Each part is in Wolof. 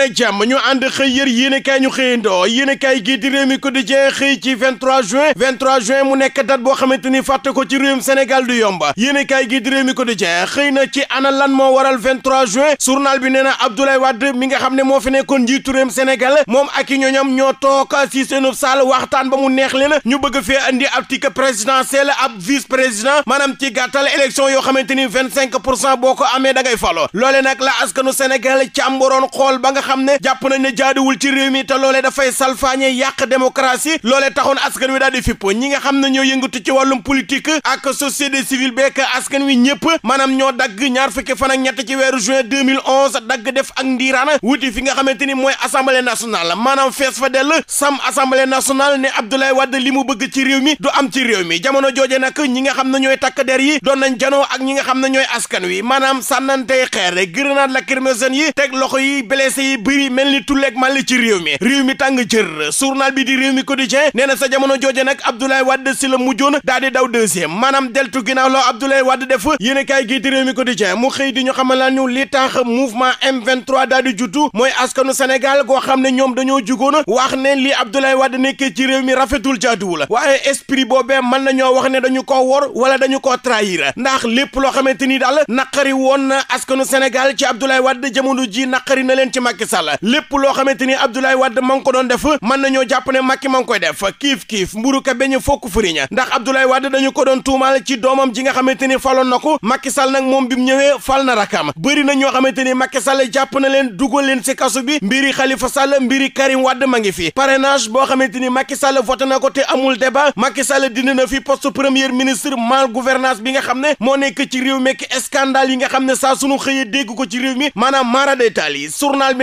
dalena jàmm ñu ànd xëy yër yéenekaay ñu xëyandoo yéenekaay gi di Rewmi Quotidien xëy ci 23 juin 23 juin mu nekk date boo xamante ni fàtte ko ci réewum Sénégal du yomba yéenekaay gi di Rewmi Quotidien xëy na ci ana lan moo waral 23 juin journal bi nee na Abdoulaye Wade mi nga xam ne moo fi nekkoon njiitu réewum Sénégal moom ak i ñoñam ñoo toog si seenub saal waxtaan ba mu neex leen ñu bëgg fee andi ab ticket présidentiel ab vice président maanaam ci gàttal élection yoo xamante ni 25 pour cent boo ko amee da ngay falo loole nag la askanu Sénégal càmboroon xool ba xam ne jàpp nañ ne jaaduwul ci réew mi te loolee dafay salfaañe yàq démocratie loolee taxoon askan wi daal di fipp ñi nga xam ne ñoo yëngatu ci wàllum politique ak société civile beek askan wi ñëpp maanaam ñoo dagg ñaar fukki fan ak ñett ci weeru juin 2011 dagg def ak ndiiraan wuti fi nga xamante ni mooy assemblée nationale maanaam fees fa dell sam assemblée nationale ne Abdoulaye Wade li mu bëgg ci réew mi du am ci réew mi jamono jooje nag ñi nga xam ne ñooy takk der yi doon nañ janoo ak ñi nga xam ne ñooy askan wi maanaam sànnantey xeer grenade lacrymogène yi teg loxo yi blessé bëri mel ni tulleeg màlli ci réew mi réew mi tàng jër journal bi di réew mi quotidien nee na sa jamono jooje nag Abdoulaye Wade si la mujjoon daa di daw deuxième maanaam deltu ginnaaw loo Abdoulaye Wade def yéen a kaay gii di réew mi quotidien mu xëy di ñu xamal ñu li tax mouvement M23 daa di juddu mooy askanu Sénégal goo xam ne ñoom dañoo jugoon wax ne li Abdoulaye Wade nekkee ci réew mi rafetul la waaye esprit boobee mën nañoo wax ne dañu ko wor wala dañu ko trahir ndax lépp loo xamante ni daal naqari woon askanu Sénégal ci Abdoulaye Wade jamono ji naqari na leen ci Macky Sall lépp loo xamante ni Abdoulaye Wade ma ngi ko doon def mën nañoo jàpp ne Macky ma ngi koy def kiif kiif mburu ka beñ fokk furiña ndax Abdoulaye Wade dañu ko doon tuumaal ci doomam ji nga xamante ni faloon na ko Macky Sall nag moom bi mu ñëwee fal na rakam bëri na ñoo xamante ni Macky Sall jàpp na leen dugal leen si kasu bi mbiri xalifa Sall mbiri Karim wadd ma ngi fi parrainage boo xamante ni Macky Sall voté na ko te amul débat Macky Sall dindi na fi poste premier ministre mal gouvernance bi nga xam ne moo nekk ci réew mekk scandale yi nga xam ne saa sunu xëyee dégg ko ci réew mi maanaam maara détail yi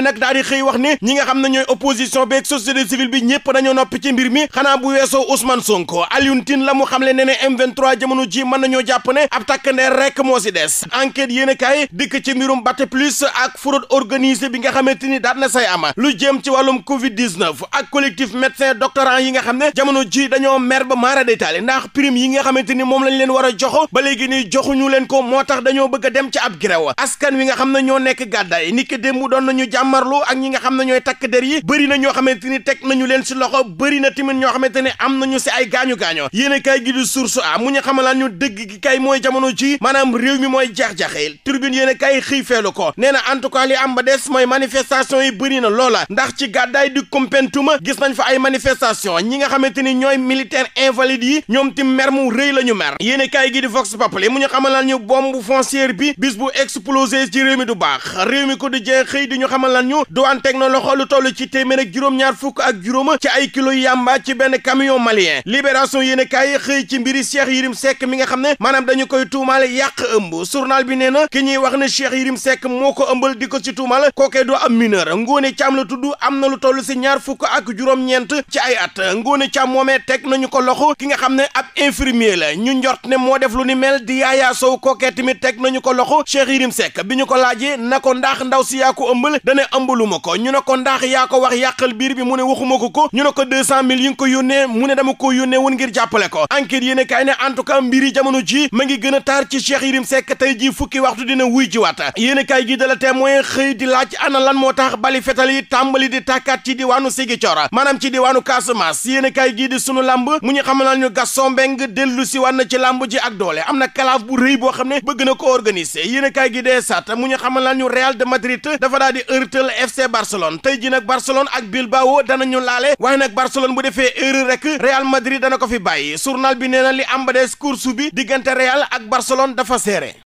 nag nag daal di xëy wax ni ñi nga xam ne ñooy opposition beeg société civile bi ñëpp dañoo noppi ci mbir mi xanaa bu weesoo Ousmane Sonko Alioune Tine la xam xamle ne ne M23 jamono ji mën nañoo jàpp ne ab takkandeer rek moo si des enquête yéen a dikk ci mbirum Bate Plus ak fraude organisée bi nga xamante ni daat na say ama lu jëm ci wàllum Covid 19 ak collectif médecin doctorant yi nga xam ne jamono ji dañoo mer ba maara détaillé ndax pirim yi nga xamante ni moom lañ leen war a jox ba léegi nii joxuñu leen ko moo tax dañoo bëgg a dem ci ab grève askan wi nga xam ne ñoo nekk gàddaay ni ki démb doon nañu jàmm naqarlu ak xam ne ñooy takk der yi bëri na ñoo xamante ni teg nañu leen si loxo bëri na tamit ñoo xamante ne am nañu si ay gaañu-gaañoo yéen kay gi di source a ñu xamalaan ñu dëgg gi kay mooy jamono ci maanaam réew mi mooy jax-jaxeel turbine yéen kay xëy feelu ko nee na tout cas li am ba des mooy manifestation yi bëri na loola ndax ci gàddaay di Koumpentouma gis nañ fa ay manifestation ñi nga xamante ni ñooy militaire invalide yi ñoom tim mer mu rëy la ñu mer yéen kay gi di vox populi mu ñu xamalaan ñu bombe foncière bi bis bu explosé ci réew mi du baax réew mi ko di jeex xëy di ñu xamalaan ñu duwaan teg na loxo lu toll ci téeméer ak juróom-ñaar fukk ak juróom ci ay kilo yamba ci benn camion malien libération yéen kaay xëy ci mbiri Cheikh Yérim Seck mi nga xam ne maanaam dañu koy tuumaal yàq ëmb journal bi nee na ki ñuy wax ne Cheikh Yérim Seck moo ko ëmbal di ko ci tuumaal kookee du am mineur Ngóone Caam la tudd am na lu toll si ñaar fukk ak juróom-ñeent ci ay at Ngóone Caam moomee teg nañu ko loxo ki nga xam ne ab infirmier la ñu njort ne moo def lu ni mel di Yaaya Sow kookee tamit teg nañu ko loxo Cheikh Yérim Seck bi ñu ko laajee na ko ndax ndaw si yaa ko ëmbaluma ko ñu ne ko ndax yaa ko wax yàqal biir bi mu yónnee mu ne dama ko yónnee woon ngir jàppale ko enquête yéen kaay ne en tout mbiri jamono ji ma ngi gën a taar ci Cheikh Yérim Seck tey ji fukki waxtu dina wuy ji waat yéen kaay gi da la témoin xëy di laaj ana lan moo tax bali fetal yi di tàkkaat ci diwaanu Ziguinchor maanaam ci diwaanu Casamance yéen kaay gii di sunu lamb mu ñu xamal ñu Gaston Mbengue dellu si wan ci lamb ji ak doole am na kalaaf bu rëy boo dalal FC Barcelone tey ji nag Barcelone ak Bilbao danañu laale waaye nag Barcelone bu defee erreur rek Real Madrid dana ko fi bàyyi journal bi nee na li am ba bi diggante Real ak Barcelone dafa seere